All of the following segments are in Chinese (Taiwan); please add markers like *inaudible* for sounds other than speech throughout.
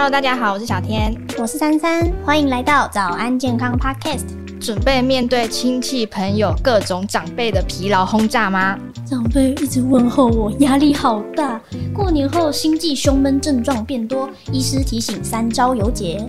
Hello，大家好，我是小天，我是珊珊，歡迎來到早安健康 Podcast。準備面對親戚朋友各種長輩的疲勞轟炸嗎？長輩一直問候我，壓力好大。過年後心悸、胸悶症狀變多，醫師提醒三招有解。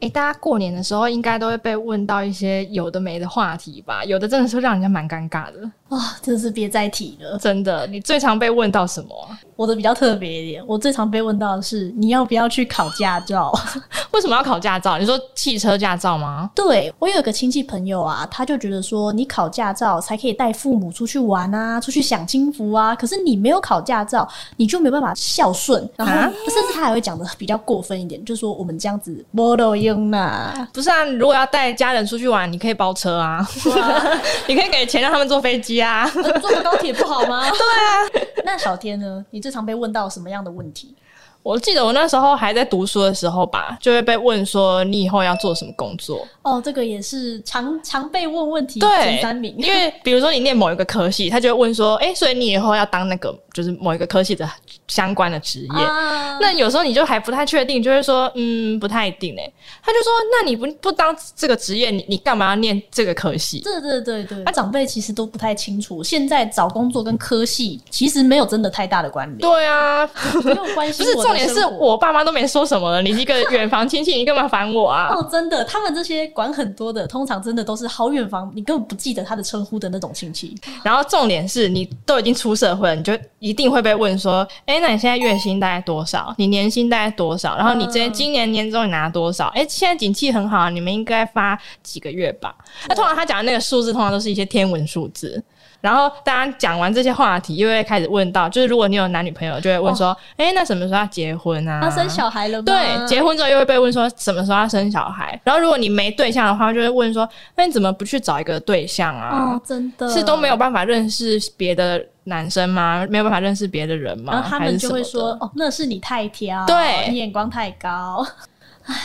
誒、欸，大家過年的時候應該都會被問到一些有的沒的話題吧？有的真的是讓人家蠻尷尬的。啊、哦，真是別再提了！真的，你最常被問到什麼？我的比較特別一點，我最常被問到的是你要不要去考駕照？ *laughs* 為什麼要考駕照？你說汽車駕照嗎？對，我有一個親戚朋友啊，他就覺得說你考駕照才可以帶父母出去玩啊，出去享清福啊。可是你沒有考駕照，你就沒辦法孝順。然後甚至他還會講的比較過分一點，蛤就說我們這樣子，沒路用啦，不是啊？如果要帶家人出去玩，你可以包車啊，哇 *laughs* 你可以給錢讓他們坐飛機、啊。啊，坐個高鐵不好嗎？ *laughs* 對啊，那小天呢？你最常被問到什麼樣的問題？我記得我那時候還在讀書的時候吧，就會被問說，你以後要做什麼工作？哦，這個也是常常被問問題前三名。對，因為 *laughs* 比如說你念某一個科系，他就會問說，哎、欸，所以你以後要當那個就是某一個科系的相關的職業。啊、那有時候你就還不太確定，就會說，嗯，不太一定哎。他就說，那你不不當這個職業，你你幹嘛要念這個科系？對，對對對對。那、啊、長輩其實都不太清楚，現在找工作跟科系其實沒有真的太大的關聯。對啊，沒有關係。 *laughs* 我重點是我爸媽都沒說什麼了，你是一個遠房親戚， *laughs* 你幹嘛煩我啊？哦，真的，他們這些管很多的，通常真的都是好遠房，你根本不記得他的稱呼的那種親戚。然後重點是你都已經出社會了，你就一定會被問說：“哎、欸，那你現在月薪大概多少？你年薪大概多少？然後你今年年終你拿多少？哎、嗯欸，現在景氣很好啊，你們應該發幾個月吧？”哦、那通常他講的那個數字，通常都是一些天文數字。然後大家講完這些話題，又會開始問到，就是如果你有男女朋友，就會問說：“哎、哦欸，那什麼時候結、啊？”結婚啊？他生小孩了嗎？對，結婚之後又會被問說什麼時候要生小孩。然後如果你沒對象的話，就會問說：那你怎麼不去找一個對象啊？哦、嗯，真的，是都沒有辦法認識別的男生嗎？沒有辦法認識別的人嗎？然後他們就會說：哦，那是你太挑，對，你眼光太高。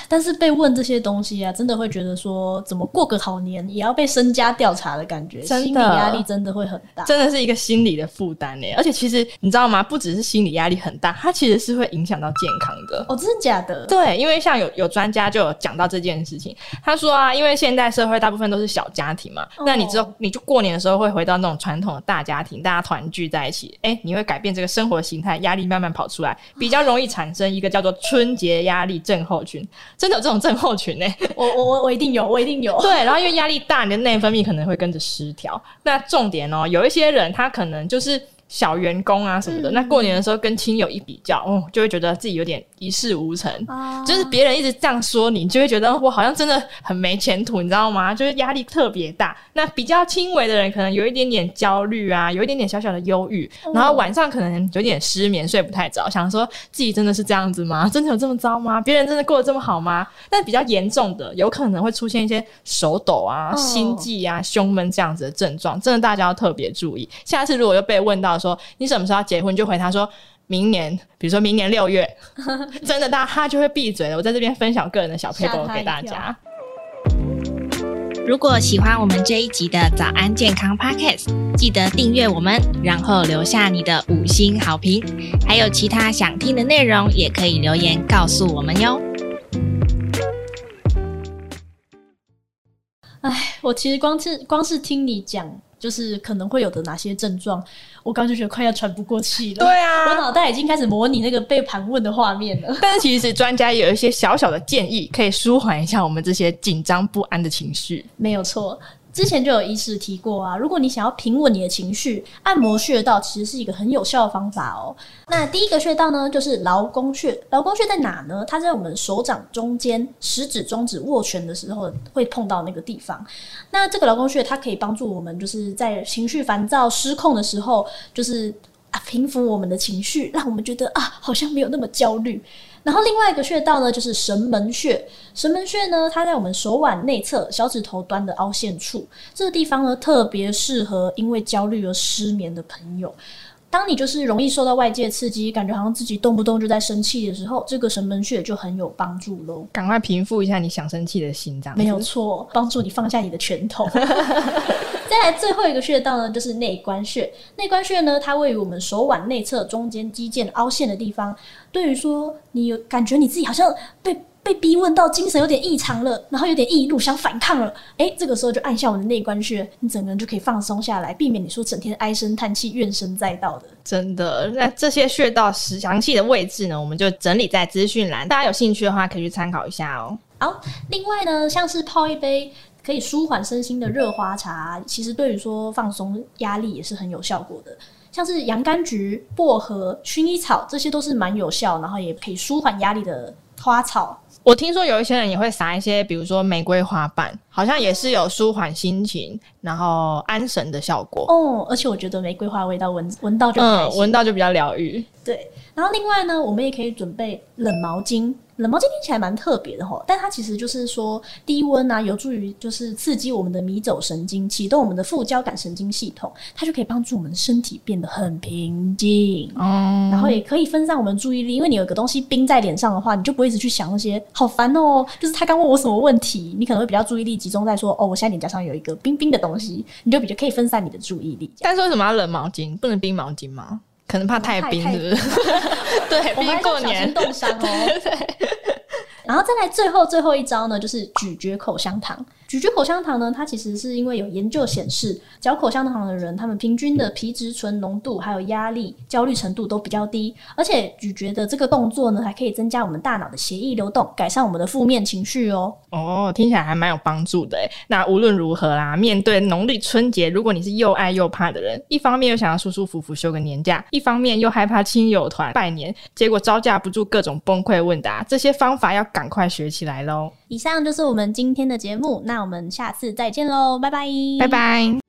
但是被問這些東西啊，真的會覺得說，怎麼過個好年也要被身家調查的感覺，真的心理壓力真的會很大，真的是一個心理的負擔呢。而且其實你知道嗎？不只是心理壓力很大，它其實是會影響到健康的。哦，真的假的？對，因為像有有專家就有講到這件事情，他說啊，因為現代社會大部分都是小家庭嘛，哦、那你知道你就過年的時候會回到那種傳統的大家庭，大家團聚在一起，誒、欸，你會改變這個生活形態，壓力慢慢跑出來，比較容易產生一個叫做春節壓力症候群。真的有這種症候群誒、欸！我我我我一定有，我一定有。 *laughs* 對，然後因為壓力大，你的內分泌可能會跟着失調。 *laughs* 那重點哦、喔，有一些人他可能就是，小員工啊什麼的，嗯、那過年的時候跟親友一比較，哦，就會覺得自己有點一事無成，啊、就是別人一直這樣說你，就會覺得我好像真的很沒前途，你知道嗎？就是壓力特別大。那比較輕微的人，可能有一點點焦慮啊，有一點點小小的憂鬱，然後晚上可能有一點失眠，睡不太着，想說自己真的是這樣子嗎？真的有這麼糟嗎？別人真的過得這麼好嗎？那比較嚴重的，有可能會出現一些手抖啊、心悸啊、胸悶這樣子的症狀，哦、真的大家要特別注意。下次如果又被問到。說你什麼時候結婚？就回他說明年，比如說明年六月， *laughs* 真的，他他就會閉嘴了。我在這邊分享個人的小撇步給大家。如果喜歡我們這一集的早安健康 Podcast，記得訂閱我們，然後留下你的五星好評。還有其他想聽的內容，也可以留言告訴我們喲。哎，我其實光是光是聽你講。就是可能會有的哪些症狀？我剛就覺得快要喘不過氣了。對啊，我腦袋已經開始模擬那個被盤問的畫面了。但是其實專家也有一些小小的建議，可以舒緩一下我們這些緊張不安的情緒。 *laughs* 沒有錯。之前就有醫師提過啊，如果你想要平穩你的情緒，按摩穴道其實是一個很有效的方法哦。那第一個穴道呢，就是勞宮穴。勞宮穴在哪呢？它在我們手掌中間，食指中指握拳的時候會碰到那個地方。那這個勞宮穴，它可以幫助我們，就是在情緒煩躁失控的時候，就是啊平復我們的情緒，讓我們覺得啊好像沒有那麼焦慮。然後另外一個穴道呢，就是神門穴。神門穴呢，它在我們手腕內側，小指頭端的凹陷處。這個地方呢，特別適合因為焦慮而失眠的朋友。當你就是容易受到外界刺激，感覺好像自己動不動就在生氣的時候，這個神門穴就很有幫助咯。趕快平復一下你想生氣的心臟。沒有錯，幫助你放下你的拳頭。 *laughs* 再來最後一個穴道呢，就是內關穴。內關穴呢，它位於我們手腕內側中間肌腱凹陷的地方。對於說你有感覺你自己好像被被逼問到精神有點異常了，然後有點易怒想反抗了，哎、欸，這個時候就按下我們的內關穴，你整個人就可以放鬆下來，避免你說整天唉聲嘆氣、怨聲載道的。真的。那這些穴道實詳細的位置呢，我們就整理在資訊欄，大家有興趣的話可以去參考一下哦。好，另外呢，像是泡一杯，可以舒緩身心的熱花茶，其實對於說放鬆壓力也是很有效果的。像是洋甘菊、薄荷、薰衣草，這些都是蠻有效，然後也可以舒緩壓力的花草。我聽說有一些人也會撒一些，比如說玫瑰花瓣，好像也是有舒緩心情、然後安神的效果。哦，而且我覺得玫瑰花味道聞聞到就嗯、聞到就比較療癒。對，然後另外呢，我們也可以準備冷毛巾。冷毛巾聽起來蠻特別的吼，但它其實就是說低溫啊，有助於就是刺激我們的迷走神經，啟動我們的副交感神經系統，它就可以幫助我們的身體變得很平靜哦。嗯。然後也可以分散我們的注意力，因為你有個東西冰在臉上的話，你就不會一直去想那些好煩哦。就是他剛問我什麼問題，你可能會比較注意力集中在說哦，我現在臉頰上有一個冰冰的東西，你就比較可以分散你的注意力。但是為什麼要冷毛巾？不能冰毛巾嗎？可能怕太冰，對，我們過年，得小心凍傷哦。對。然後再來最後最後一招呢，就是咀嚼口香糖。咀嚼口香糖呢，它其實是因為有研究顯示，嚼口香糖的人，他們平均的皮質醇濃度還有壓力、焦慮程度都比較低，而且咀嚼的這個動作呢，還可以增加我們大腦的血液流動，改善我們的負面情緒哦。哦，聽起來還蠻有幫助的耶。那無論如何啦，面對農曆春節，如果你是又愛又怕的人，一方面又想要舒舒服服休個年假，一方面又害怕親友團拜年，結果招架不住各種崩潰問答，這些方法要趕快學起來嘍。以上就是我們今天的節目，那我們下次再見嘍，拜拜，拜拜。